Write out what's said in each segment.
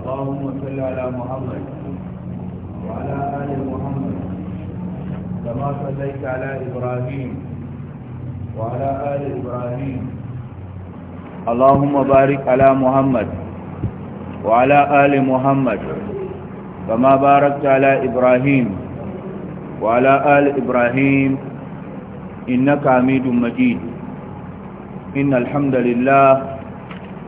اللهم صل على محمد وعلى آل محمد كما صليت على إبراهيم وعلى آل إبراهيم اللهم بارك على محمد وعلى آل محمد كما باركت على إبراهيم وعلى آل إبراهيم إنك عميد مجيد إن الحمد لله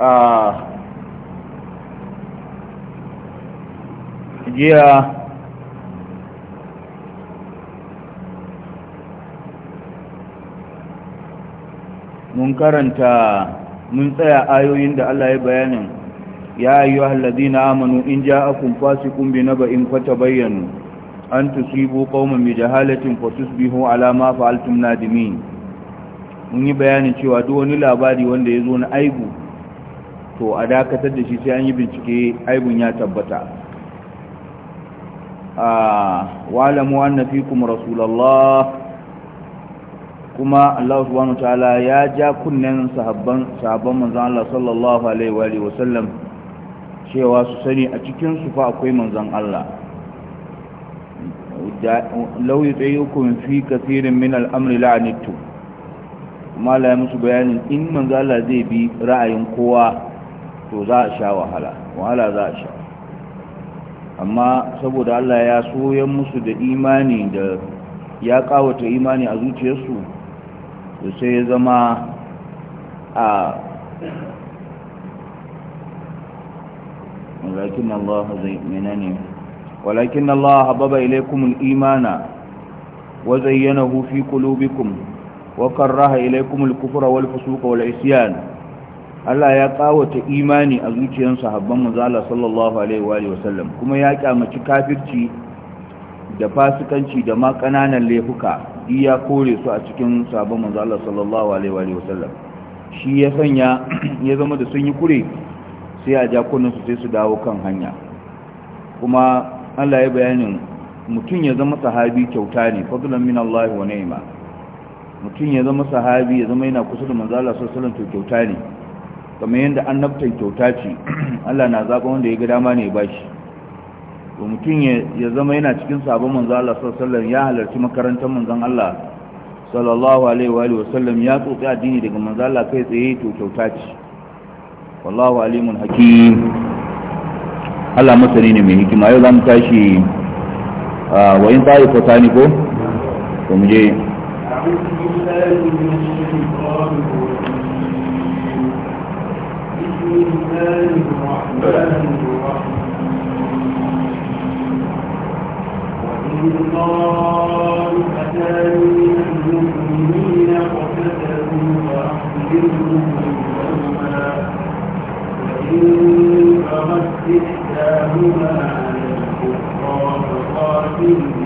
Ah, jiya mun karanta mun tsaya ayoyin da Allah ya bayanin ya ayyu allazina amanu in ja'akum fasiqun bi naba'in fatabayyanu an tusibu qauman bi jahalatin fatusbihu ala ma fa'altum nadimin mun yi bayanin cewa duk wani labari wanda ya zo na aibu to a dakatar da shi sai an yi bincike aibun ya tabbata a walamu anna fikum rasulullah kuma Allah subhanahu ta'ala ya ja kunnen sahabban manzan Allah sallallahu alaihi wa alihi wasallam cewa su sani a cikin su fa akwai manzan Allah law yutayukum fi kathirin min al-amri la'anittu mala ya musu bayanin in manzo zai bi ra'ayin kowa to za a sha wahala wahala za a sha amma saboda Allah ya soyan musu da imani da ya kawata imani a zuciyarsu da sai ya zama a walakin Allah zai menene walakin Allah hababa ilaikum al-imana wa zayyanahu fi qulubikum wa karaha ilaikum kufra wal fusuqa wal isyan Allah ya kawata imani a zuciyar sahabban manzala sallallahu alaihi wa sallam kuma ya kyamaci kafirci da fasikanci da ma kananan laifuka iya kore su a cikin sahabban manzala sallallahu alaihi wa sallam shi ya sanya ya zama da sun yi kure sai a jakunan su sai su dawo kan hanya kuma Allah ya bayanin mutum ya zama sahabi kyauta ne fadlan min Allah wa ni'ma mutum ya zama sahabi ya zama yana kusa da manzala sallallahu alaihi wa sallam to kyauta ne kamar yadda annabtan kyauta ce Allah na zaɓa wanda ya ga dama ne ba shi to mutum ya zama yana cikin sabon manzan Allah sallallahu ya halarci makarantar manzan Allah sallallahu alaihi wa sallam ya tsotsi addini daga manzan Allah kai tsaye to kyauta ce wallahu alimun hakim Allah masani ne mai hikima yau zamu tashi wa in tsari ko tani ko to mu je الله الرحمن الرحيم وإن طائفتان من المؤمنين اقتتلوا فأخبرهم بينهما فإن فغت إحداهما على الأخرى فقاتلوا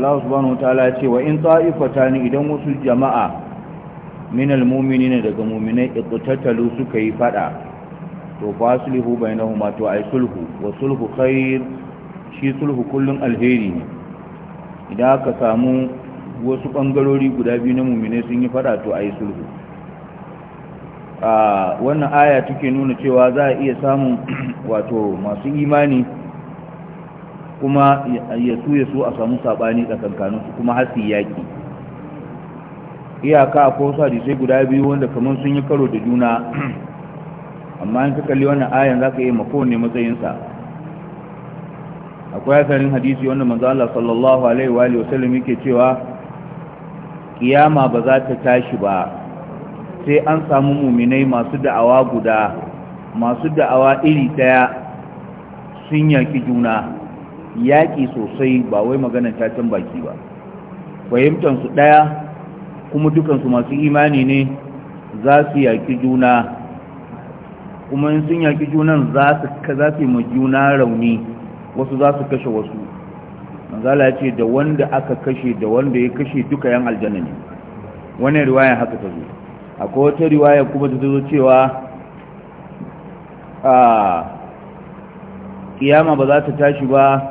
Allah subhanahu wataala ya ce wa in ta'ifatan idan wasu jama'a min almu'minina daga mu'minai iqtatalu suka yi fada to faslihu bainahuma to ay sulhu wa sulhu khair shi sulhu kullun alheri ne idan ka samu wasu bangarori guda biyu na mu'minai sun yi fada to ay sulhu a ah, wannan aya take nuna cewa za a iya samun wato masu imani kuma ya su ya su a samu saɓani tsakankanin su kuma hasi yaƙi iyaka ko su sai guda biyu wanda kamar sun yi karo da juna amma in ka kalli wannan ayan za ka iya ma kowane matsayinsa akwai hasarin hadisi wanda manzo Allah sallallahu alaihi wa sallam yake cewa kiyama ba za ta tashi ba sai an samu muminai masu da'awa guda masu da'awa iri daya sun yaki juna yaƙi sosai ba wai magana ta can baki ba fahimtansu ɗaya kuma dukansu masu imani ne za su yaƙi juna kuma in sun yaƙi junan za su za su ma juna rauni wasu za su kashe wasu manzala ya ce da wanda aka kashe da wanda ya kashe duka yan aljanna ne wannan riwaya haka ta zo akwai wata riwaya kuma ta zo cewa a ah, kiyama ba za ta tashi ba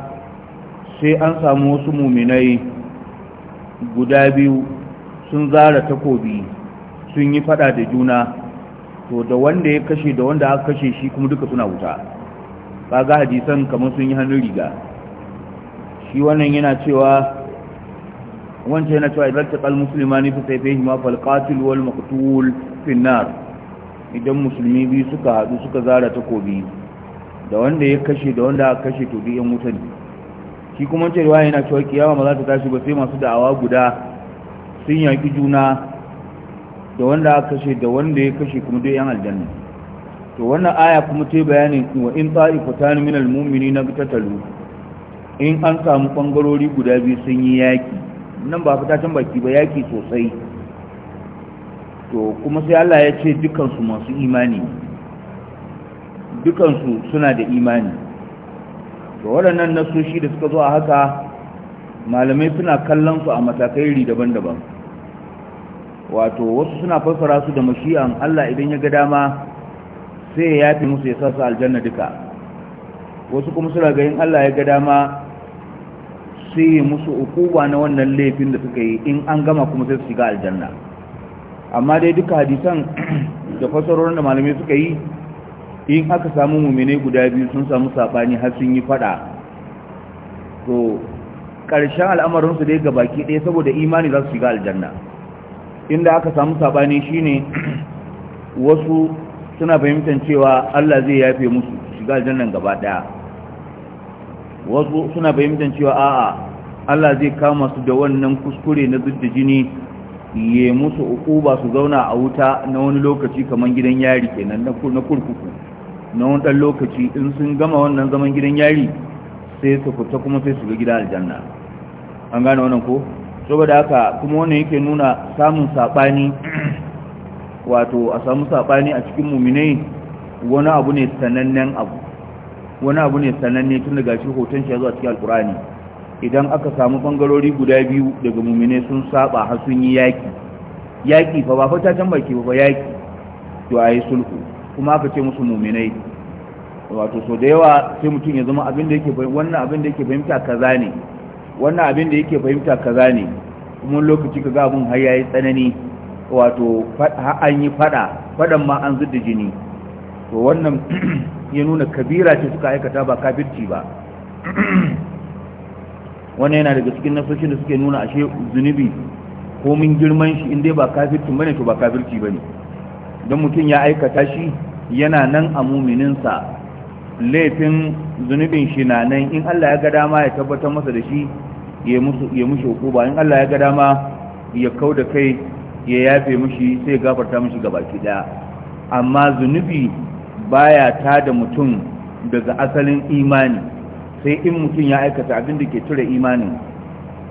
sai an samu wasu muminai guda biyu sun zara takobi sun yi fada da juna to da wanda ya kashe da wanda aka kashe shi kuma duka suna wuta kaga hadisan kamar sun yi hannun riga shi wannan yana cewa wancan yana cewa idan taqal muslimani fi sayfihi ma fal qatil wal maqtul fi nar idan musulmi biyu suka hadu suka zara takobi da wanda ya kashe da wanda aka kashe to duk yan wuta ne shi kuma wancan riwaya yana cewa kiyama ba za ta tashi ba sai masu da'awa guda sun yaki juna da wanda aka kashe da wanda ya kashe kuma dai yan aljanna to wannan aya kuma ta bayanin wa in ta'ifatan minal na qatatalu in an samu bangarori guda biyu sun yi yaki nan ba fita can baki ba yaki sosai to kuma sai Allah ya ce dukansu masu imani dukansu suna da imani to waɗannan nasoshi da suka zo a haka malamai suna kallon su a matakai daban-daban wato wasu suna fassara su da mashi'an Allah idan ya ga dama sai ya yafi musu ya sa su aljanna duka wasu kuma suna ga yin Allah ya ga dama sai ya musu ukuba na wannan laifin da suka yi in an gama kuma sai su shiga aljanna amma dai duka hadisan da fassarorin da malamai suka yi in aka samu mumine guda biyu sun samu saɓani har sun yi faɗa to ƙarshen al'amarinsu dai ga baki ɗaya saboda imani za su shiga aljanna inda aka samu saɓani shine wasu suna fahimtar cewa Allah zai yafe musu shiga aljanna gaba ɗaya wasu suna fahimtar cewa a'a Allah zai kama su da wannan kuskure na zudda jini ya musu uku ba su zauna a wuta na wani lokaci kamar gidan yari kenan na kurkuku na wani ɗan lokaci in sun gama wannan zaman gidan yari sai su fita kuma sai su ga gida aljanna an gane wannan ko saboda haka kuma wannan yake nuna samun saɓani wato a samu saɓani a cikin muminai wani abu ne sanannen abu wani abu ne sananne tun daga shi hoton shi ya zuwa cikin alkurani idan aka samu bangarori guda biyu daga muminai sun saba har sun yi yaki yaki fa ba ta can baki ba yaki to a sulhu kuma aka ce musu muminai wato so da yawa sai mutum ya zama abin da yake wannan abin da yake fahimta kaza ne wannan abin da yake fahimta kaza ne kuma lokaci ga abin har yayi tsanani wato an yi fada fadan ma an zudda jini to wannan ya nuna kabira ce suka aikata ba kafirci ba wannan yana daga cikin nasoshin da suke nuna ashe zunubi min girman shi in dai ba kafirci bane to ba kafirci bane don mutum ya aikata shi yana nan a mumininsa laifin zunubin shi na nan in Allah ya ga dama ya tabbatar masa da shi ya mushi hukuba in Allah ya ga dama ya kau da kai ya yafe mushi sai gafarta mushi ga baki daya amma zunubi baya ta da mutum daga asalin imani sai in mutum ya aikata abin da ke tura imanin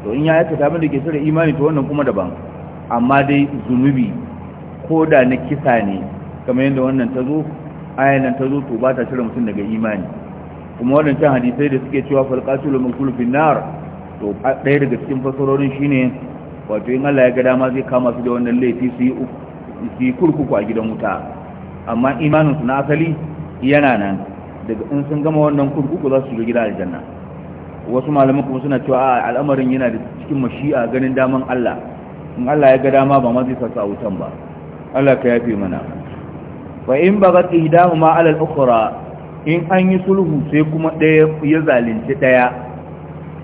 to in ya aikata abin da ke tura imani to wannan kuma daban amma dai zunubi ko da na kisa ne kamar yadda wannan ta zo ayan nan ta zo to ba ta cire mutum daga imani kuma wadancan hadisai da suke cewa falqatul mulkul fin nar to ɗaya daga cikin fasarorin shine wato in Allah ya ga dama zai kama su da wannan laifi su yi kurkuku a gidan wuta amma imanin su na asali yana nan daga in sun gama wannan kurkuku za su shiga gidan aljanna wasu malaman kuma suna cewa a al'amarin yana da cikin mashi'a ganin daman Allah in Allah ya ga dama ba ma zai sa wutan ba Allah ka yafe mana wa in bagat ihdahuma ala al-ukhra in an yi sulhu sai kuma daya ya zalunci daya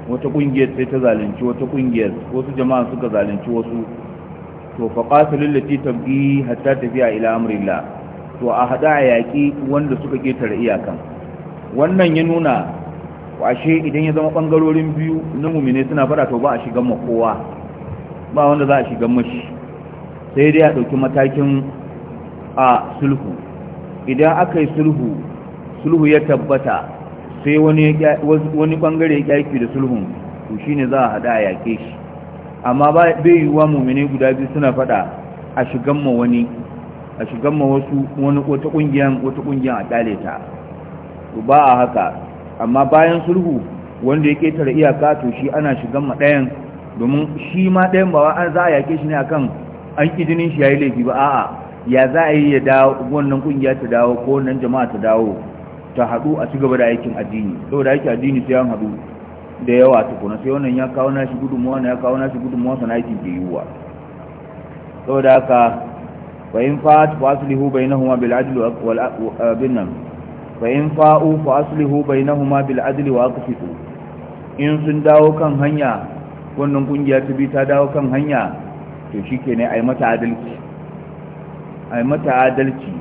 wata kungiyar sai ta zalunci wata kungiyar wasu jama'a suka zalunci wasu to fa qatilul lati tabi hatta tafiya ila amrillah to a hada yaki wanda suka ketare iyakan wannan ya nuna washe idan ya zama bangarorin biyu na mumine suna fara to ba a shigan ma kowa ba wanda za a shigan mashi sai dai a dauki matakin a sulhu idan aka yi sulhu sulhu ya tabbata sai wani bangare ya yaki da sulhun to shi ne za a hada a yake shi amma bai wa mummini guda biyu suna fada a shigan ma wani a shigan ma wasu wani wata kungiyan wata kungiyan a kyale ta ba a haka amma bayan sulhu wanda ya ketare iyaka to shi ana shigan ma ɗayan domin shi ma ɗayan ba an za a yake shi ne akan an kidinin shi yi laifi ba a'a ya za a yi ya dawo wannan kungiya ta dawo ko wannan jama'a ta dawo ta haɗu a ci gaba da aikin addini saboda aikin addini sai an haɗu da yawa tukuna sai wannan ya kawo nashi gudunmuwa na ya kawo nashi gudunmuwa sana aikin ke yiwuwa saboda haka fa'in fa'at fa aslihu bainahuma bil adli wal abinnan fa'in fa'u fa aslihu bainahuma bil adli wa fito, in sun dawo kan hanya wannan kungiya ta bi ta dawo kan hanya to ne a yi mata adalci a mata adalci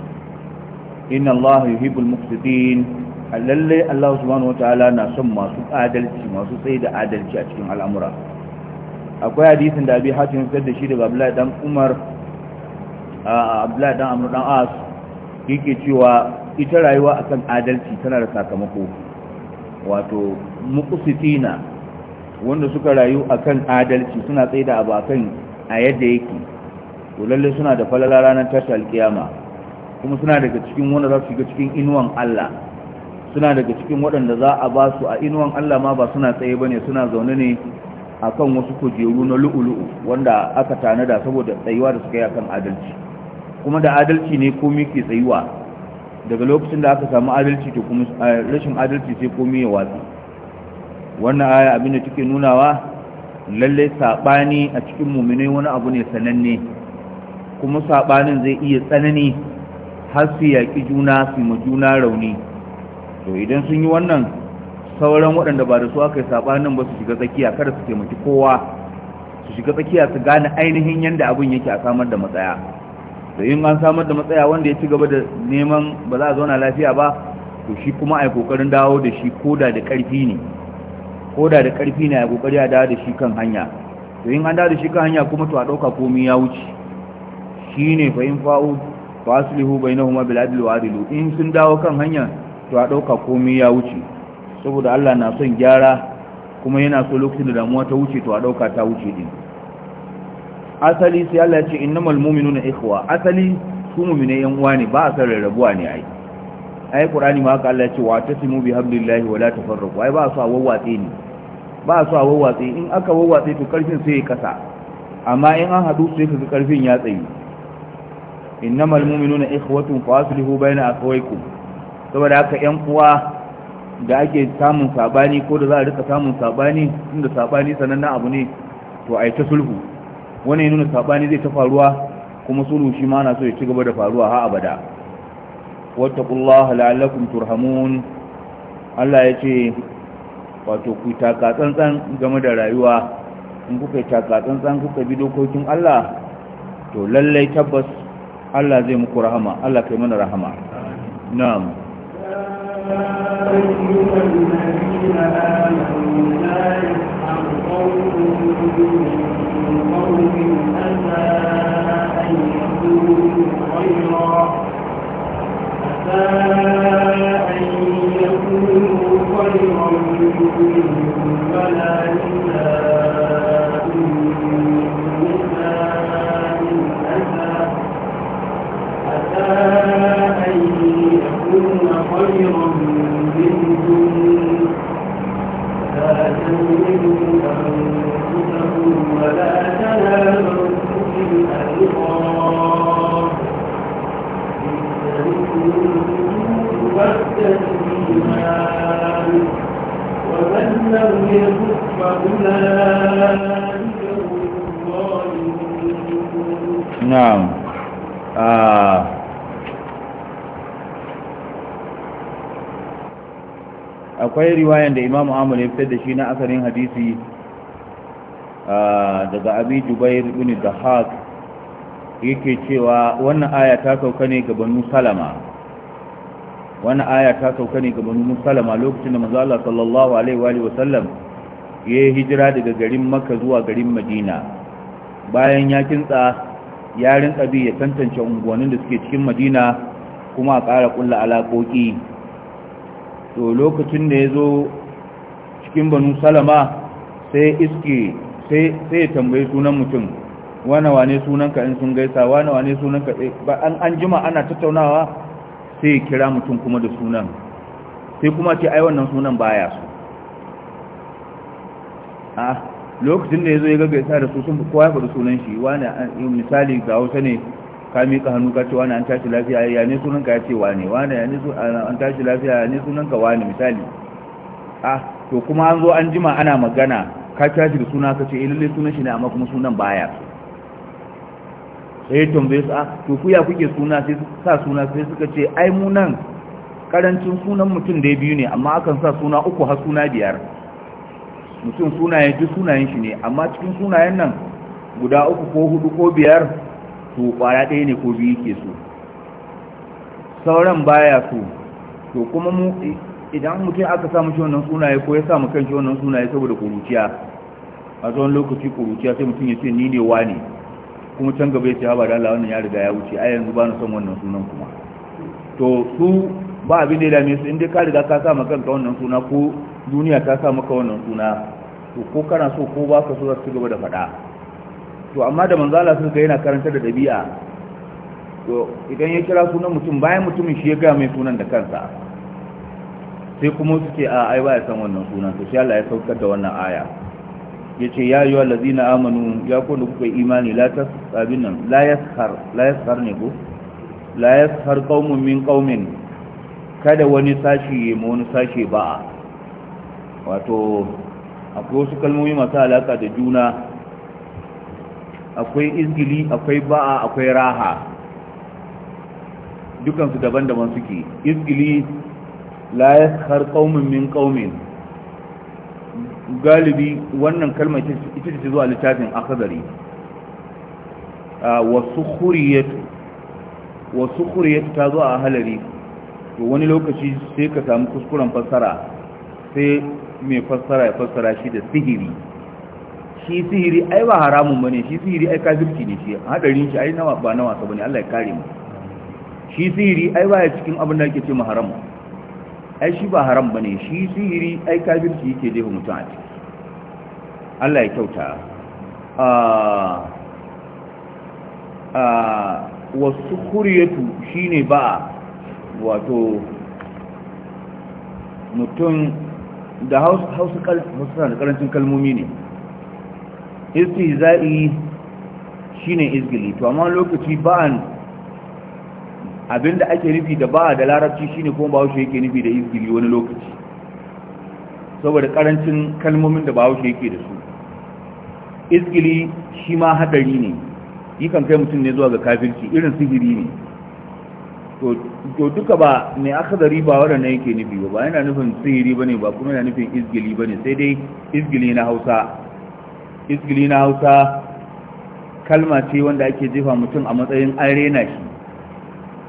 inna Allah yuhibbul muqsitin lalle Allah subhanahu wataala na son masu adalci masu tsaye da adalci a cikin al'amura akwai hadisin da abi hatim sai da shi daga Abdullahi dan Umar Abdullahi dan Amr dan As yake cewa ita rayuwa akan adalci tana da sakamako wato muqsitina wanda suka rayu akan adalci suna tsaye da abu akan a yadda yake to lalle suna da falala ranar tashi alkiyama kuma suna daga cikin wanda za su shiga cikin inuwan Allah suna daga cikin waɗanda za a ba su a inuwan Allah ma ba suna tsaye bane suna zaune ne akan wasu kujeru na lu'ulu'u wanda aka tanada saboda tsayuwa da suka yi akan adalci kuma da adalci ne komai ke tsayuwa daga lokacin da aka samu adalci to kuma eh, rashin adalci sai komai ya watsi wannan aya abin da take nunawa lalle sabani a cikin mu'minai wani abu ne sananne kuma saɓanin zai iya tsanani har su yaƙi juna su ma juna rauni to idan sun yi wannan sauran waɗanda ba da su aka yi saɓanin ba su shiga tsakiya kada su taimaki kowa su shiga tsakiya su gane ainihin yadda abin yake a samar da matsaya da yin an samar da matsaya wanda ya ci gaba da neman ba za a zauna lafiya ba to shi kuma a yi ƙoƙarin dawo da shi koda da ƙarfi ne koda da ƙarfi ne a yi ƙoƙari a dawo da shi kan hanya to yin an dawo da shi kan hanya kuma to a ɗauka komi ya wuce shine fa in fa'u fa aslihu bainahuma bil adl wa adilu in sun dawo kan hanya to a dauka komai ya wuce saboda Allah na son gyara kuma yana so lokacin da damuwa ta wuce to a dauka ta wuce din asali sai Allah ya ce innamal mu'minuna ikhwa asali su mu'mine yan uwa ne ba a san rarrabuwa ne ai ai qur'ani ma haka Allah ya ce wa tasimu bi hablillahi wa la tafarraqu ai ba su a wawwatse ne ba su a wawwatse in aka wawwatse to karfin sai ya kasa amma in an hadu sai kaga karfin ya tsaye inna innamal mu'minuna ikhwatun faslihu bayna akhawaykum saboda haka yan kuwa da ake samun sabani ko da za a rika samun sabani inda sabani sanannen abu ne to a yi ta sulhu wannan nuna sabani zai ta faruwa kuma sulhu shi ma na so ya ci gaba da faruwa ha abada wattaqullaha halalakun turhamun Allah ya ce wato ku taka tsantsan game da rayuwa in kuka yi taka tsantsan kuka bi dokokin Allah to lallai tabbas Allah zai muku rahama Allah kai mana rahama na'am أن يكونوا خيرا ولا خيرا منكم لا تنزلوا أنفسكم ولا تنابوا بالألقاب والتسليمان ومن لم يكف فأولئك نعم آه akwai riwayan da imam amur ya fitar da shi na asalin hadisi daga abi jubair da haq yake cewa wannan aya ta sauka ne ga banu salama wannan aya ta sauka ne ga banu salama lokacin da mazala sallallahu alaihi wa sallam wasallam ya hijira daga garin makka zuwa garin madina bayan ya kintsa yarin tsabi ya tantance unguwannin da suke cikin madina kuma a ƙara ƙulla alaƙoƙi to lokacin da ya zo cikin banu salama sai iske sai ya tambayi sunan mutum wane wane sunanka in sun gaisa wane wane sunanka eh, ba an an jima ana tattaunawa sai ya kira mutum kuma da sunan sai kuma ce ai wannan sunan baya su a ah, lokacin da ya zo ya gaisa da su sun kowa ya faɗi sunan shi wane misali ga hausa ne ka miƙa hannu ka ce wani an tashi lafiya ya ne sunanka ya ce wani wani ya ne an tashi lafiya ya ne sunanka wani misali ah to kuma an zo an jima ana magana ka tashi da suna ka ce eh lalle sunan shi ne amma kuma sunan baya sai tambaye bai sa to ku ya kuke suna sai su sa suna sai suka ce ai mu nan karancin sunan mutum da biyu ne amma akan sa suna uku har suna biyar mutum sunayen duk sunayen shi ne amma cikin sunayen nan guda uku ko hudu ko biyar to kwaya ɗaya ne ko biyu ke so sauran baya so to kuma mu idan mutum aka samu shi wannan sunaye ko ya samu kan shi wannan sunaye saboda kuruciya a tsawon lokaci kuruciya sai mutum ya ce ni ne wa ne kuma can gaba ya ce haɓar da Allah wannan ya riga ya wuce a yanzu ba na son wannan sunan kuma to su ba abin da ya dame su inda ka riga ka sa maka kanka wannan suna ko duniya ta sa maka wannan suna to ko kana so ko ba ka so za su gaba da faɗa to amma da manzala suka yana karanta da ɗabi'a to idan ya kira sunan mutum bayan mutumin shi ya gaya mai sunan da kansa sai kuma suke a ai baya san wannan sunan to sai Allah ya saukar da wannan aya yace ya ayyuhal ladina amanu ya ku da kuka imani la tasabin nan la yaskar la yaskar ne ku la yaskar qaumun min qaumin kada wani sashi ya mu wani sashi ba wato akwai wasu kalmomi masu alaka da juna akwai izgili akwai ba'a akwai raha dukansu daban-daban suke izgili la yaskhar qaumin min qaumin galibi wannan kalma ita ce zuwa littafin A wasu huriyatu, wasu huriyatu ta zuwa a halari to wani lokaci sai ka samu kuskuren fassara sai mai fassara ya fassara shi da sihiri shi sihiri ai ba haramun bane shi sihiri ai kafirci ne shi hadarin shi ai nawa ba nawa wasa bane Allah ya kare mu shi sihiri ai ba ya cikin abin da yake ce mu haram ai shi ba haram bane shi sihiri ai kafirci yake da mutum a ciki Allah ya kyauta a ah, a ah, wasu kuriyatu shine ba wato mutum da hausa hausa karancin kalmomi ne istihza'i shine izgili to amma lokaci ba'an abinda ake nufi da ba'a da larabci shine kuma bahaushe yake nufi da izgili wani lokaci saboda karancin kalmomin da bahaushe yake da su izgili shi ma hadari ne yakan kai mutum ne zuwa ga kafirci irin sihiri ne to duka ba mai akadari ba waɗanda yake nufi ba yana nufin sihiri ba ne ba kuma yana nufin izgili ba ne sai dai izgili na hausa izgili na hausa kalma ce wanda ake jefa mutum a matsayin an rena shi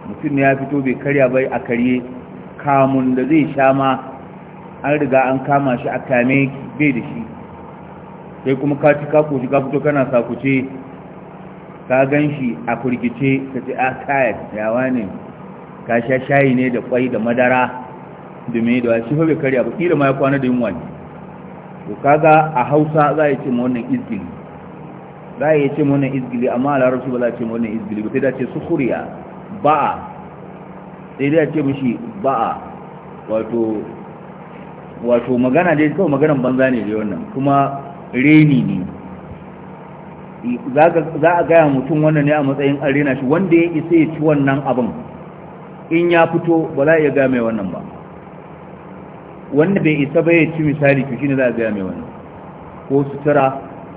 mutum ya fito bai karya bai a karye kamun da zai sha ma an riga an kama shi a kame bai da shi sai kuma ka ci kako shi ka fito kana sakuce ka gan shi a kurkice ka ce a ah, kaya yawa ne ka sha shayi ne da kwai da madara da mai da shi fa bai karya ba kila ma ya kwana da yin wani. to kaga a hausa za a ce ma wannan izgili za a ce ma wannan izgili amma a larabci ba za a ce ma wannan izgili ba sai da ce sukuriya ba'a sai da ce mashi ba'a wato wato magana dai kawai maganan banza ne dai wannan kuma reni ne za a gaya mutum wannan ne a matsayin arena shi wanda ya isa ya ci wannan abin in ya fito ba za a iya gaya mai wannan ba wanda bai isa ba ya ci misali ki shine za a biya mai wannan ko sutura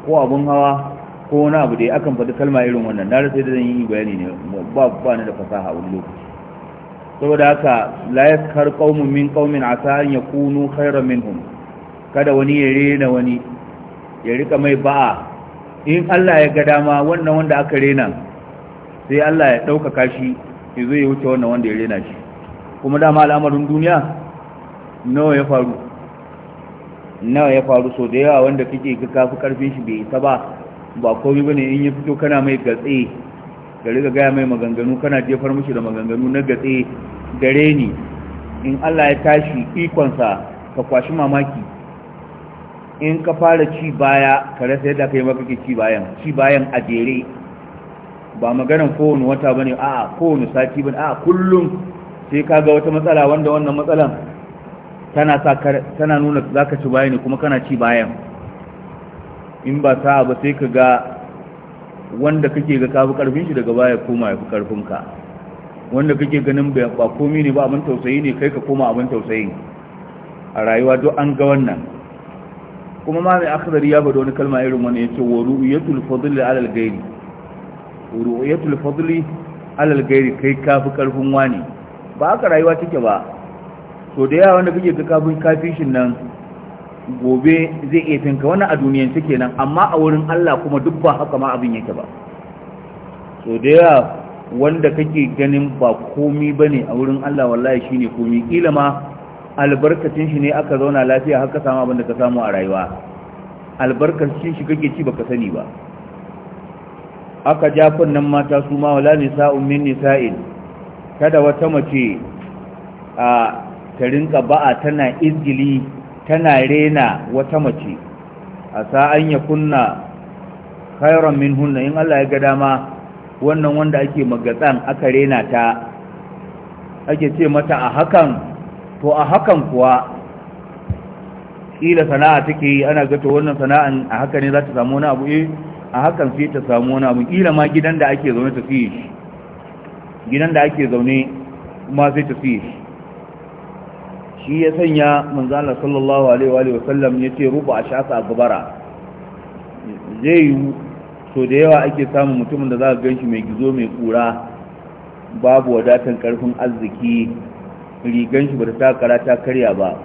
ko abun hawa ko wani abu da ya akan faɗi kalma irin wannan na rasa da zan yi bayani ne ba ba ni da fasaha wani lokaci saboda haka la yaskar qaumun min qaumin asa an yakunu khayran minhum kada wani ya rena wani ya rika mai ba'a in Allah ya ga dama wannan wanda aka rena sai Allah ya dauka kashi ya zo ya wuce wannan wanda ya rena shi kuma dama al'amarin duniya nawa ya faru nawa ya faru so da yawa wanda kake ka kafi karfin shi bai isa ba ba komai bane in ya fito kana mai gatse ka riga gaya mai maganganu kana jefar mishi da maganganu na gatse dare ni in Allah ya tashi ikonsa ka kwashi mamaki in ka fara ci baya ka rasa yadda kai maka ci bayan ci bayan a jere ba maganan kowane wata bane a'a kowane sati bane a'a kullum sai ka ga wata matsala wanda wannan matsalan tana sa tana nuna zaka ci bayan kuma kana ci bayan in ba sa'a ba sai ka ga wanda kake ga kafi karfin shi daga baya koma yafi karfin ka wanda kake ganin ba komai ne ba abin tausayi ne kai ka koma abin tausayi a rayuwa duk an ga wannan kuma ma mai akhdari ya bada wani kalma irin wani yace wa ru'yatul fadli ala al-ghairi ru'yatul fadli ala al-ghairi kai kafi karfin wani ba aka rayuwa take ba to da yawa wanda kake ga kafishin nan gobe zai iya finka wannan a duniyance kenan amma a wurin Allah kuma duk ba haka ma abin yake ba so da yawa wanda kake ganin ba komi bane a wurin Allah wallahi shine komi kila ma albarkacin shi ne aka zauna lafiya haka samu abin da ka samu a rayuwa albarkacin shi kake ci baka sani ba aka ja nan mata su ma wala nisa'un min nisa'in kada wata mace a ta rinka ba'a tana izgili tana rena wata mace a sa'an ya kunna khairan min hunna in Allah ya ga dama wannan wanda ake magatsan aka rena ta ake ce mata a hakan to a hakan kuwa ƙila sana'a take yi ana gato wannan sana'an a haka ne za ta samu wani abu eh a hakan sai ta samu wani abu ƙila ma gidan da ake zaune ta fiye shi gidan da ake zaune ma sai ta fiye shi shi ya sanya manzala sallallahu alaihi wa sallam ya ce rubu a shasa a gubara zai yi so da yawa ake samun mutumin da za ka ganshi mai gizo mai kura babu wadatan karfin arziki riganshi ba ta kara ta karya ba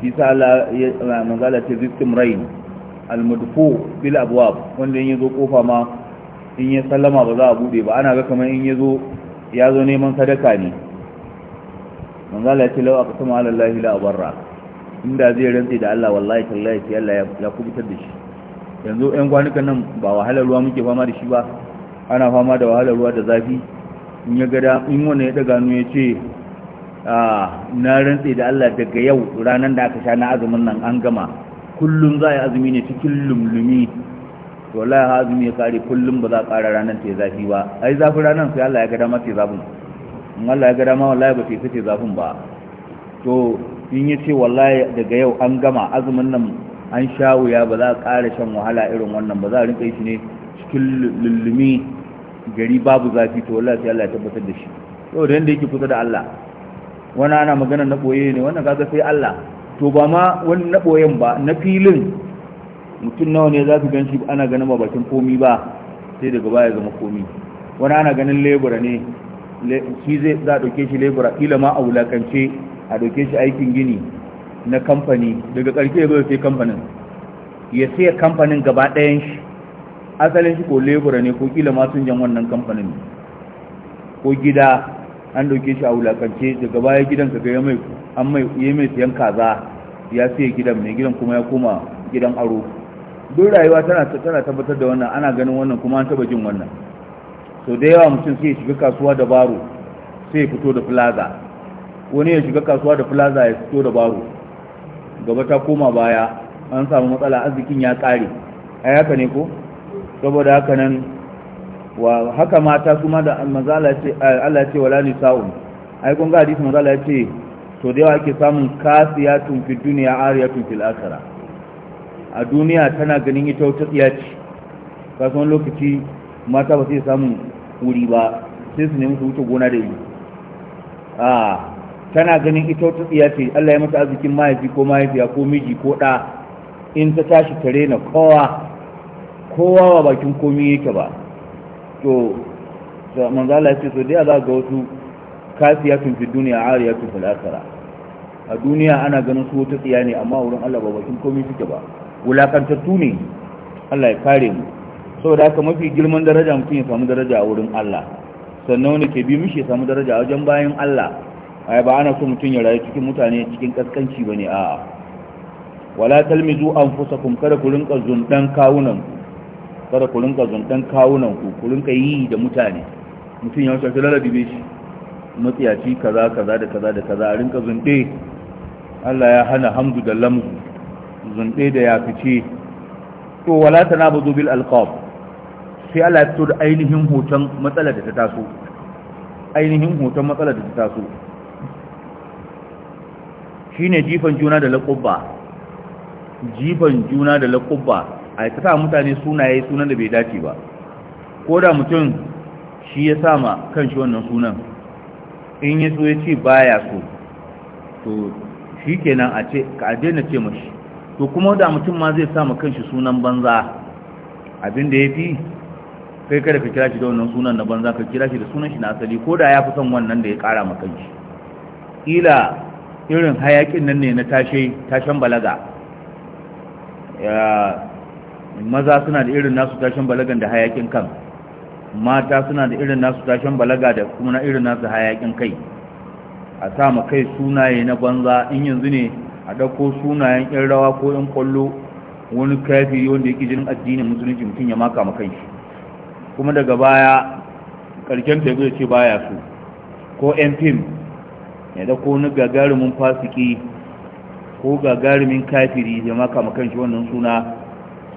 shi sa manzala ce victim rain almudfu bil abwab wanda in yazo kofa ma in ya sallama ba za a bude ba ana ga kamar in ya zo neman sadaka ne manzala ce lawa aka sama alallahi la barra inda zai rantsi da Allah wallahi tallahi Allah ya kubutar da shi yanzu 'yan kwanukan nan ba wahalar ruwa muke fama da shi ba ana fama da wahalar ruwa da zafi in ya gada in wani ya daga ya ce a na rantsi da Allah daga yau ranar da aka sha na azumin nan an gama kullum za a yi azumi ne cikin lumlumi to wallahi azumi ya kare kullum ba za a ƙara ranar ta zafi ba ai zafi ranar sai Allah ya gada ma zabin. zafin in Allah ya ga dama wallahi ba fice zafin ba to in ya ce wallahi daga yau an gama azumin nan an sha wuya ba za a ƙara shan wahala irin wannan ba za a rinƙa shi ne cikin lullumi gari babu zafi to wallahi sai Allah ya tabbatar da shi yau da yanda yake kusa da Allah wani ana magana na ɓoye ne wannan kaga sai Allah to ba ma wani na ɓoyen ba na filin mutum nawa ne za su gan shi ana ganin ba bakin komi ba sai daga baya zama komi wani ana ganin lebura ne shi zai za a ɗauke shi lebura ƙila ma a wulakance a ɗauke shi aikin gini na kamfani daga ƙarfi ya zai sai kamfanin ya sai kamfanin gaba ɗayan shi asalin shi ko lebura ne ko ƙila ma sun jan wannan kamfanin ko gida an ɗauke shi a wulakance daga baya gidan ka ga mai an mai ya mai siyan kaza ya sai gidan mai gidan kuma ya koma gidan aro duk rayuwa tana tana tabbatar da wannan ana ganin wannan kuma an taba jin wannan to da yawa mutum sai ya shiga kasuwa da baro sai ya fito da plaza wani ya shiga kasuwa da plaza ya fito da baro gaba ta koma baya an samu matsala arzikin ya kare a yaka ne ko saboda haka nan wa haka mata su ma da mazala ce eh, Allah ce wala nisa'un ai kun ga hadisi mazala ya ce to da yawa ake samun kasiya tun fi duniya tun fil akhirah a duniya tana ganin ita wata tsiya ce kasuwan lokaci mata ba sai samun wuri ba sai su nemi su wuce gona da yi a tana ganin ita wata tsiya ce Allah ya mata arzikin mahaifi ko mahaifiya ko miji ko ɗa in ta tashi tare na kowa kowa wa bakin komi yake ba to manzo Allah ya ce so dai za ga wasu kasiyatun fi duniya ariyatun fil akhirah a duniya ana ganin su wata tsiya ne amma wurin Allah ba bakin komi suke ba wulakantattu ne Allah ya kare mu saboda haka mafi girman daraja mutum ya samu daraja a wurin Allah sannan wani ke bi mishi ya samu daraja a wajen bayan Allah ai ba ana so mutum ya rayu cikin mutane cikin kaskanci ne. a'a wala talmizu anfusakum kada ku rinka zundan kawunan kada ku rinka zundan kawunan ku ku rinka yi da mutane mutum ya wuce lalabi be shi matsiyaci kaza kaza da kaza da kaza a rinka zunde Allah ya hana hamdu da lamzu zunde da ya fice to wala tanabudu bil alqab sai Allah ya fito da ainihin hoton matsalar da ta taso ainihin hoton matsalar da ta taso shine jifan juna da laƙubba, jifan juna da laqabba a ta sa mutane sunaye sunan da bai dace ba ko da mutum shi ya sama kanshi wannan sunan in ya so ya ce baya so to shi kenan a ce ka daina ce mashi to kuma da mutum ma zai sama kanshi sunan banza abin da ya fi kai kada ka kira shi da wannan sunan na banza ka kira shi da sunan shi na asali ko da ya fi son wannan da ya kara maka shi kila irin hayakin nan ne na tashe tashen balaga maza suna da irin nasu tashen balagan da hayakin kan mata suna da irin nasu tashen balaga da kuma na irin nasu hayakin kai a sa ma kai sunaye na banza in yanzu ne a ɗauko sunayen ƴan rawa ko ƴan kwallo wani kafi wanda yake jinin addinin musulunci mutum ya maka ma kanshi kuma daga baya karken ta ce baya su ko fim ya da ko ni gagarumin fasiki ko gagarumin kafiri da maka makan shi wannan suna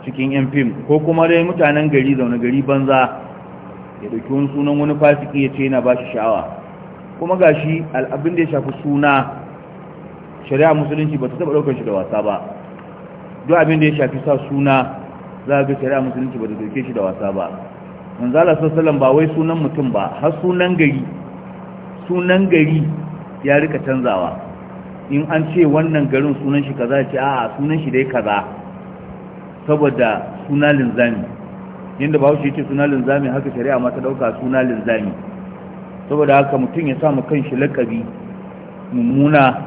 cikin fim ko kuma dai mutanen gari zaune gari banza ya da wani sunan wani fasiki ya ce yana ba shi sha'awa kuma ga shi al'abin da ya shafi suna shari'a musulunci ba ta taɓa ɗaukar shi da wasa ba duk abin da ya shafi sa suna za a ga shari'a musulunci ba ta ɗauke shi da wasa ba manzala sosalan ba wai sunan mutum ba har sunan gari sunan gari ya rika canzawa in an ce wannan garin sunan shi kaza ce a sunan shi dai kaza saboda suna linzami yadda ba shi ce suna linzami haka shari'a ma ta dauka suna linzami saboda haka mutum ya samu shi lakabi mummuna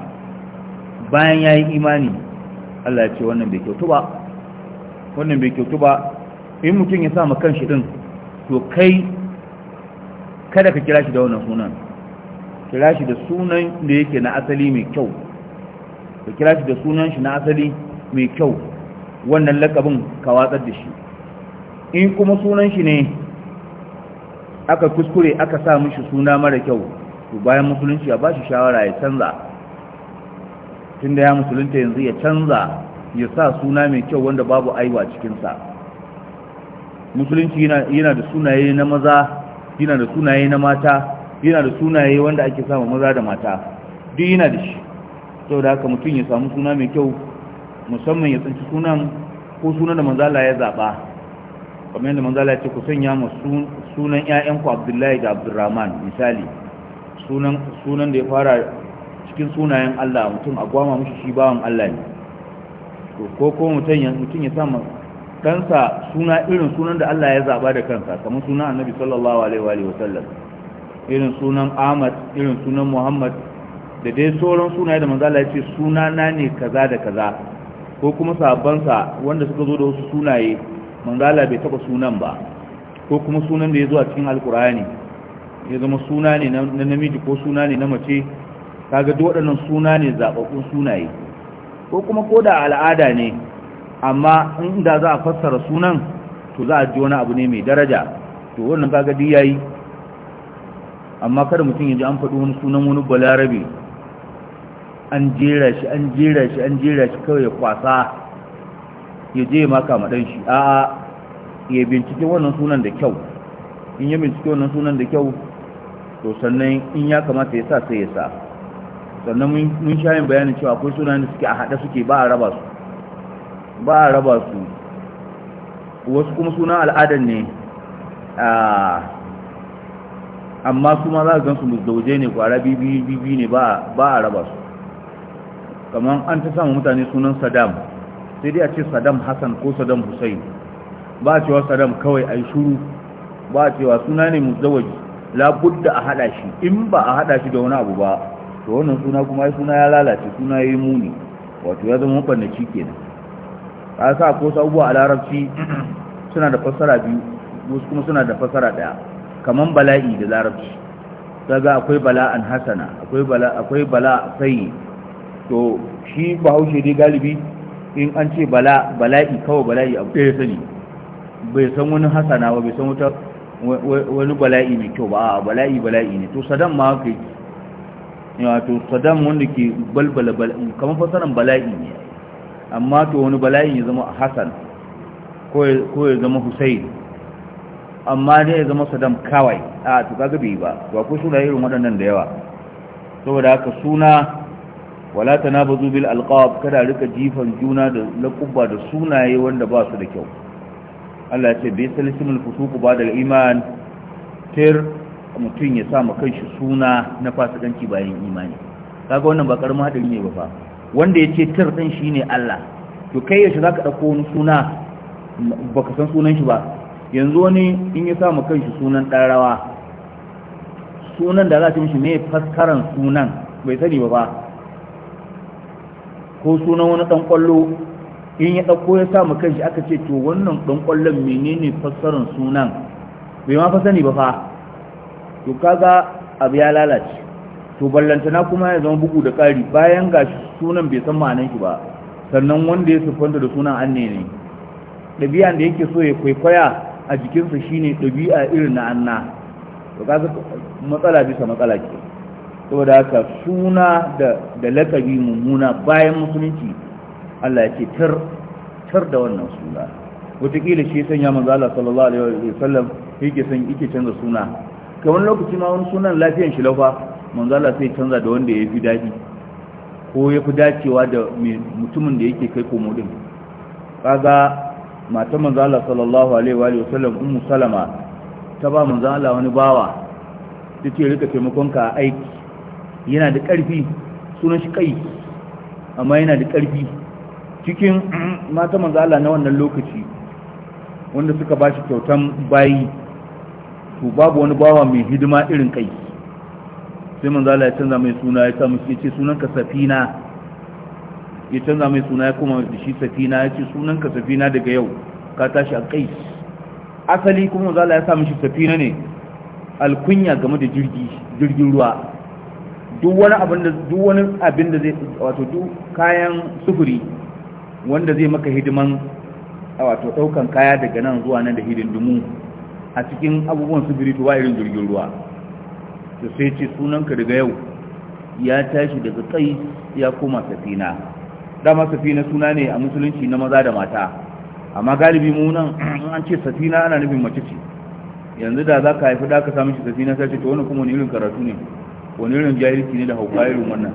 bayan ya yi imani Allah ya ce wannan bai kyautu ba wannan bai kyautu ba in mutum ya samu shi din to kai kada ka kira shi da wannan sunan kira shi da sunan da yake na asali mai kyau ka kira shi da sunan shi na asali mai kyau wannan lakabin ka watsar da shi in kuma sunan shi ne aka kuskure aka sa mishi suna mara kyau to bayan musulunci ya ba shi shawara ya canza tunda ya musulunta yanzu ya canza ya sa suna mai kyau wanda babu aiwa cikinsa musulunci yana da sunaye na maza yana da sunaye na mata yana da sunaye wanda ake samu maza da mata duk yana da shi da haka mutum ya samu suna mai kyau musamman ya tsanci sunan ko sunan da manzala ya zaɓa kamar yadda manzala ya ce ku sanya ma sunan 'ya'yanku abdullahi da abdurrahman misali sunan da ya fara cikin sunayen allah mutum a gwama mushi shi bawan allah ne ko kuma mutum ya sa Kansa suna irin sunan da Allah ya zaɓa da kansa kamar sunan annabi sallallahu alaihi wa sallam irin sunan ahmad irin sunan muhammad da dai sauran sunaye da Allah ya ce suna na ne kaza da kaza ko kuma sabansa wanda suka zo da wasu sunaye Allah bai taɓa sunan ba ko kuma sunan da ya zo a cikin alkur'ani ya zama suna ne na namiji ko suna ne na mace kaga duk waɗannan suna ne zaɓaɓɓun sunaye ko kuma ko da al'ada ne amma inda za a fassara sunan to za a ji wani abu ne mai daraja to wannan kaga duk yayi amma kada mutum ya ji an faɗi wani sunan wani balarabe an jera shi an jera shi an jera shi kawai ya kwasa ya je maka maɗan shi a'a ya bincike wannan sunan da kyau in ya bincike wannan sunan da kyau to sannan in ya kamata ya sa sai ya sa sannan mun sha yin bayanin cewa akwai sunan da suke a haɗe suke ba a raba su ba a raba su wasu kuma suna al'adar ne amma su ma za a gansu musdauje ne arabi bibi ne ba a raba su kamar an ta samu mutane sunan saddam sai dai a ce saddam hassan ko saddam hussein ba a cewa saddam kawai a yi shuru ba a cewa suna ne musdauji labudda a haɗa shi in ba a haɗa shi da wani abu ba to wannan suna kuma ya suna ya lalace suna ya yi muni wato ya zama mabannaci kenan a sa ko sabuwa a larabci suna da fassara biyu wasu kuma suna da fassara daya kaman bala'i da larabci daga akwai bala'an hasana akwai bala akwai bala sai to shi bahaushe dai galibi in an ce bala bala'i kawai bala'i a ɗaya sani bai san wani hasana ba bai san wata wani bala'i mai kyau ba a bala'i bala'i ne to sadan ma haka yi wato sadan wanda ke balbala kamar fasaran bala'i ne amma to wani bala'in ya zama hassan ko ya zama hussein amma ne ya zama saddam kawai a to kaga bai ba to akwai suna irin waɗannan da yawa saboda haka suna wala tanabazu bil alqab kada rika jifan juna da laqaba da sunaye wanda ba su da kyau Allah ya ce bai salisimul fusuku ba daga iman tir mutum ya sa ma kanshi suna na fasikanci bayan imani kaga wannan ba karamin hadari ne ba fa wanda ya ce tir ɗin shi ne Allah to kai yaushe za ka ɗauko wani suna ba ka san sunan shi ba yanzu wani in ya samu kanshi sunan ɗan rawa sunan da za ta mishi mai faskaran sunan bai sani ba ba ko sunan wani ɗan ƙwallo in ya ɗauko ya samu kanshi aka ce to wannan ɗan ƙwallon menene faskaran sunan bai ma fa sani ba fa to kaga abu ya lalace to ballantana kuma ya zama bugu da ƙari bayan ga sunan bai san ma'anan shi ba sannan wanda ya sufanta da sunan anne ne ɗabi'an da yake so ya kwaikwaya a jikinsa shine ɗabi'a irin na anna to ka matsala bisa matsala ke saboda haka suna da lakabi mummuna bayan musulunci Allah ya ce tar da wannan suna wataƙila shi ya sanya manzo Allah sallallahu alaihi sallam yake san yake canza suna kamar lokaci ma wani sunan lafiyan shi lafa manzo Allah sai canza da wanda ya fi daɗi ko ya fi dacewa da mutumin da yake kai komo din kaga matan manzo Allah sallallahu alaihi wa sallam ummu salama ta ba manzo wani bawa tace rika taimakon ka aiki yana da ƙarfi sunan shi kai amma yana da ƙarfi cikin matan manzo na wannan lokaci wanda suka bashi kyautan bayi to babu wani bawa mai hidima irin kai sai manzo Allah ya canza mai suna ya ce sunan yace sunanka safina ya canza mai suna ya kuma da shi safina yace sunanka safina daga yau ka tashi a kai asali kuma manzo Allah ya sami shi safina ne alkunya game da jirgi jirgin ruwa duk wani abin da duk wani abin da zai wato duk kayan sufuri wanda zai maka hidiman wato daukan kaya daga nan zuwa nan da hidindumu a cikin abubuwan sufuri to wa irin jirgin ruwa to sai ce sunanka daga yau ya tashi daga kai ya koma safina dama safina suna ne a musulunci na maza da mata amma galibi mu nan an ce safina ana nufin mace ce yanzu da za ka haifi da ka samun shi safina sai ce to wani kuma wani irin karatu ne wani irin jahilci ne da hauka irin wannan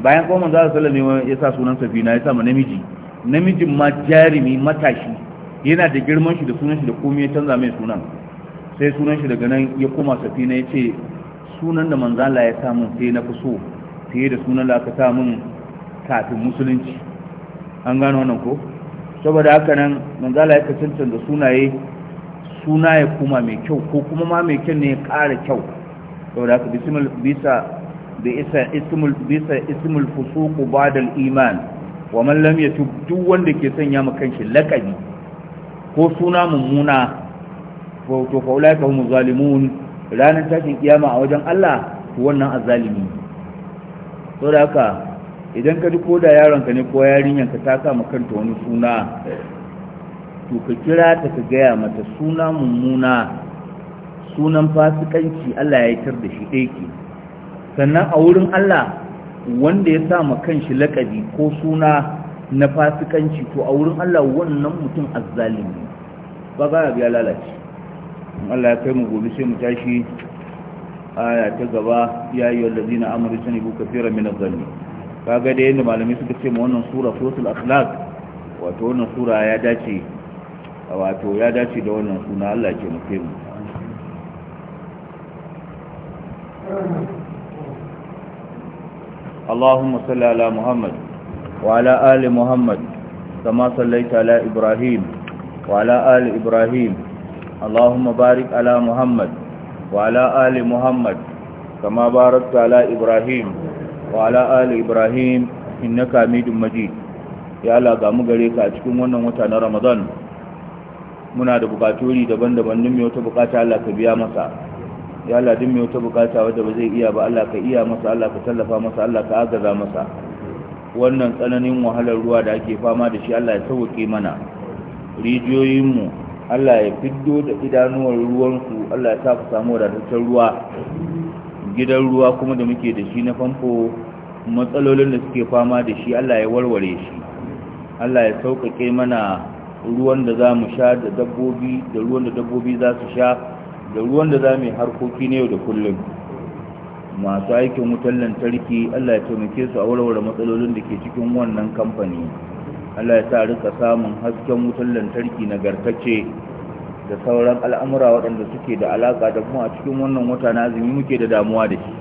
bayan kuma za Allah sallallahu alaihi ya sa sunan safina ya sa ma namiji namijin ma jarimi matashi yana da girman shi da sunan shi da komai ya canza mai sunan sai sunan shi daga nan ya koma safina ya ce sunan da manzala ya samu sai na fi so fiye da sunan da aka samu kafin musulunci an gano wannan ko saboda haka nan manzala ya kacancan da sunaye suna ya kuma mai kyau ko kuma ma mai kyau ne ya ƙara kyau saboda haka bisa da isa ismul bisa ismul iman wa man lam yatub duk wanda ke sanya mu shi laqabi ko suna mummuna to fa ulaika humu zalimun ranar tashin kiyama a wajen Allah wannan azalimi to da haka idan ka ji koda yaronka ne ko yarinyanka ta kama kanta wani suna to ka kira ta ka gaya mata suna mummuna sunan fasikanci Allah ya yitar da shi ɗaiki sannan a wurin Allah wanda ya sa ma kanshi lakabi ko suna na fasikanci to a wurin Allah wannan mutum azzalimi ba ba ya lalace Allah ya kai mu gobe sai mu tashi aya ta gaba ya yi wallazi na amuru sani buka fira min zanni kaga da yadda malamai suka ce ma wannan sura suratul akhlaq wato wannan sura ya dace wato ya dace da wannan suna Allah ke mu kai mu اللهم صل على محمد وعلى آل محمد كما صليت على إبراهيم وعلى آل إبراهيم اللهم بارك على محمد وعلى آل محمد كما باركت على إبراهيم وعلى آل إبراهيم إنك حميد مجيد ya Allah ga mu gare ka a cikin wannan wata na Ramadan muna da bukaturi daban-daban din mai wata bukata Allah ka biya masa ya Allah din wata bukata wadda ba zai iya ba Allah ka iya masa Allah ka tallafa masa Allah ka agaza masa wannan tsananin wahalar ruwa da ake fama da shi Allah ya sauke mana rijiyoyinmu Allah ya fiddo da idanuwar ruwansu Allah ya sa ku samu wadataccen ruwa gidan ruwa kuma da muke da shi na famfo matsalolin da suke fama da shi Allah ya warware shi Allah ya sauƙaƙe mana ruwan da za mu sha da dabbobi da ruwan da dabbobi za su sha da ruwan da za mu yi harkoki na yau da kullum masu aikin wutar lantarki Allah ya taimake su a warware matsalolin da ke cikin wannan kamfani Allah ya sa rika samun hasken wutar lantarki nagartacce da sauran al'amura waɗanda suke da alaƙa da kuma a cikin wannan wata na azumi muke da damuwa da shi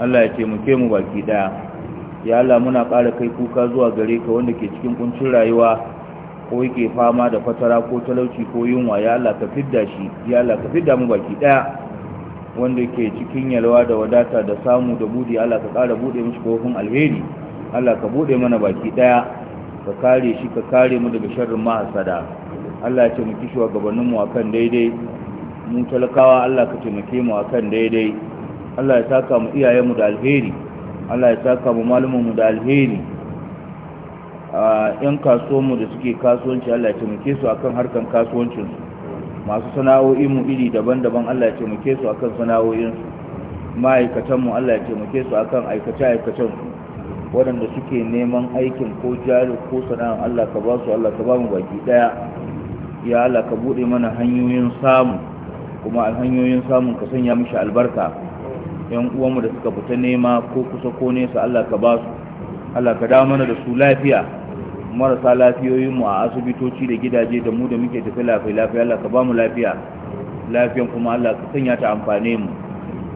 Allah ya ce muke mu baki ɗaya ya Allah muna ƙara kai kuka zuwa gare ka wanda ke cikin kuncin rayuwa ko yake fama da fatara ko talauci ko yunwa ya Allah ka fidda shi ya Allah ka fidda mu baki ɗaya wanda ke cikin yalwa da wadata da samu da budi Allah ka ƙara buɗe mishi kofin alheri Allah ka buɗe mana baki ɗaya ka kare shi ka kare mu daga sharrin mahasada Allah ya taimaki gabanin a kan daidai mu talakawa Allah ka taimake mu a kan daidai Allah ya saka mu iyayenmu da alheri Allah ya saka mu mu da alheri a yan kasuwanmu da suke kasuwanci Allah ya taimake su akan harkan kasuwancinsu masu sana'o'i mu iri daban-daban Allah ya taimake su akan ma'aikatan ma'aikatanmu Allah ya taimake su akan aikace su waɗanda suke neman aikin ko jari ko sana'an Allah ka ba su Allah ka ba mu baki ɗaya ya Allah ka buɗe mana hanyoyin samu kuma hanyoyin samun ka sanya mishi albarka yan uwanmu da suka fita nema ko kusa ko nesa Allah ka ba su Allah ka dawo mana da su lafiya marasa lafiyoyin mu a asibitoci da gidaje da mu da muke tafi lafiya lafiya Allah ka ba mu lafiya lafiyan kuma Allah ka sanya ta amfane mu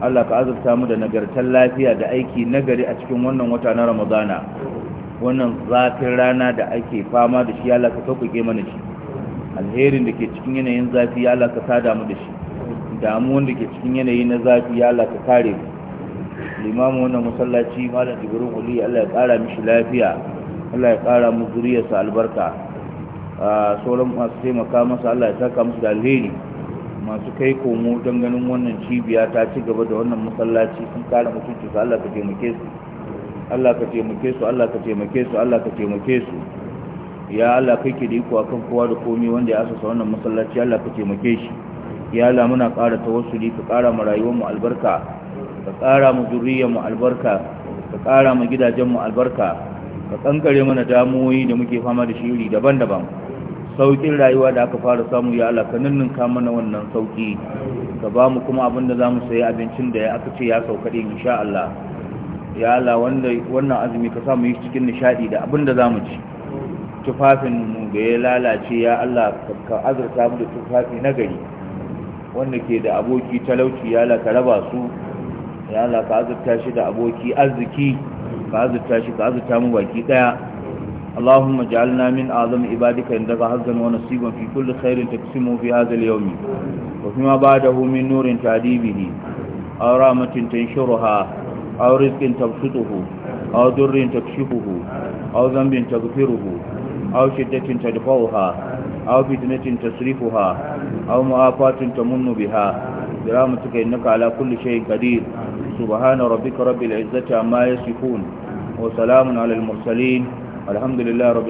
Allah ka azurta mu da nagartar lafiya da aiki nagari a cikin wannan wata na Ramadana wannan zafin rana da ake fama da shi Allah ka sauƙaƙe mana shi alherin da ke cikin yanayin zafi ya Allah ka sada mu da shi damuwan da ke cikin yanayi na zafi ya Allah ka kare mu limamu wannan masallaci malam Jibrin Uli Allah ya ƙara mishi lafiya Allah ya ƙara mu zuriyarsa albarka a ah, sauran masu taimaka masa Allah ya saka musu da alheri masu kai komo don ganin wannan cibiya ta ci gaba da wannan masallaci sun kare mutunci su Allah ka taimake su Allah ka taimake su Allah ka taimake su Allah ka taimake su ya Allah kai ke da iko akan kowa da komai wanda ya asasa wannan masallaci Allah ka taimake shi ya Allah muna ƙara tawassuli ka ƙara mu rayuwar mu albarka ka ƙara mu zuriyar mu albarka ka ƙara mu gidajen mu albarka ka kankare mana damuwoyi da muke fama da shiri daban-daban saukin rayuwa da aka fara samu ya Allah ka kama mana wannan sauki ka ba mu kuma abin da za mu sayi abincin da aka ce ya sauka din insha Allah ya Allah wanda wannan azumi ka samu yi cikin nishadi da abin da za mu ci tufafin mu da ya lalace ya Allah ka azurta mu da tufafi na gari wanda ke da aboki talauci ya Allah ka raba su ya Allah ka azurta shi da aboki arziki ka azurta shi ka azurta mu baki daya اللهم اجعلنا من أعظم عبادك عندك حظا ونصيبا في كل خير تقسمه في هذا اليوم وفيما بعده من نور تعدي به أو رامة تنشرها أو رزق تبسطه أو در تكشفه أو ذنب تغفره أو شدة تدفعها أو فتنة تصرفها أو مؤافاة تمن بها برامتك إنك على كل شيء قدير سبحان ربك رب العزة عما يصفون وسلام على المرسلين الحمد لله رب